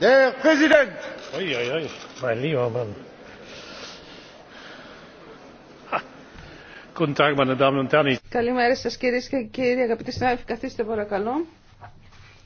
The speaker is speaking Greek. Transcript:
Der Präsident! Uiuiui, mein lieber Mann. Guten Tag, meine Damen und Herren. Καλημέρα σας κυρίες και κύριοι, αγαπητοί συνάδελφοι, καθίστε παρακαλώ.